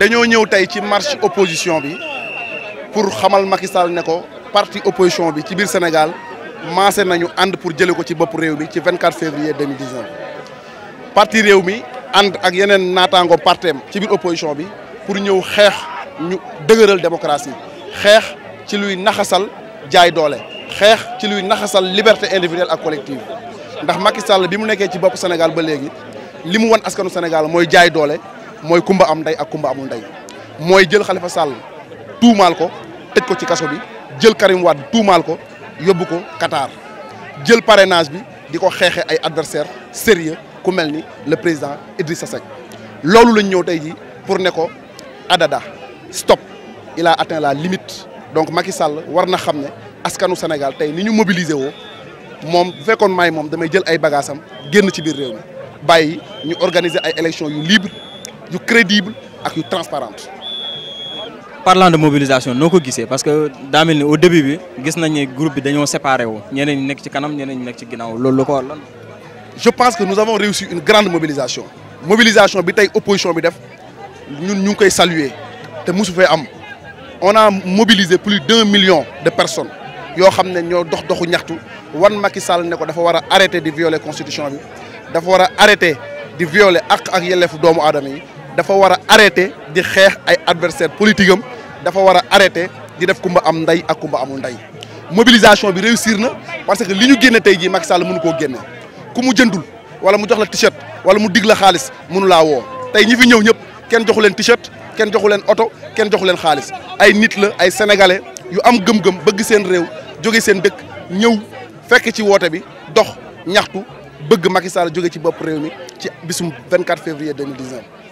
dañoo ñëw tey ci marche opposition bi pour xamal Macky Sall ne ko parti opposition bi ci biir Sénégal mancé nañu ànd pour jëlee ko ci bop réew mi ci 24 février 2019. parti réew mi and ak yenen natango partem ci biir opposition bi pour ñëw xex ñu dëgeural démocratie xex ci luy naxasal jaay doole xex ci luy naxasal liberté individuelle ak collective ndax Macky Sall bi mu nekkee ci bop Sénégal ba légui limu mu askanu Sénégal moy jaay doole. Moy kumba am nday ak kumba amul nday moy jël Khalifa Sall tuumaal ko tej ko ci kasso bi jël Karim Wade tuumaal ko yóbbu ko Qatar jël parrainage bi diko ko ay adversaires sérieux ku melni le président Idrissa Seck lolou lañ ñëw tay ji pour ne ko adada stop il a atteint la limite donc Macky Sall warna na askanu Sénégal tay ni ñu mobiliser wo mom fekkon may mom damay jël ay bagaasam génn ci bir réew mi ñu organiser ay élections yu libre yu crédible ak yu transparente parlant de mobilisation noko ko parce que daa au début bi gis nañ ne groupe bi dañoo séparé wu ñeneen ñi nek ci kanam ñeneen ñi nek ci ginaaw loolu ko lan je pense que nous avons réussi une grande mobilisation mobilisation bi tay opposition bi def ñun ñu koy saluer te mosu fay am on a mobilisé plus d'un million de personnes yo xam ne ñoo dox doxu ñaxtu wan Macky Sall ne ko dafa wara arrêter de violer constitution bi dafa wara arrêter de violer ak ak yelef doomu adam yi dafa war a arrêté di xeex ay adversaire politique am dafa war a arrêté di def kumba am ndey ak kumba amul ndey mobilisation bi réussir na parce que li ñu génne tey jii Macky Sall mënu koo génne ku mu jëndul wala mu jox la t-shirt wala mu dig la xaalis mënu laa woo tey ñi fi ñëw ñëpp kenn joxu leen t-shirt kenn joxu leen oto kenn joxu leen xaalis ay nit la ay sénégalais yu am gëm-gëm bëgg seen réew jóge seen dëkk ñëw fekk ci woote bi dox ñaxtu bëgg Macky Sall jóge ci bopp réew mi ci bisum 24 février 2019.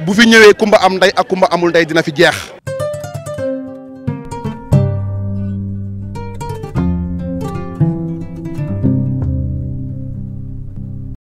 bu fi ñëwee kumba am ndey ak kumba amul ndey dina fi jeex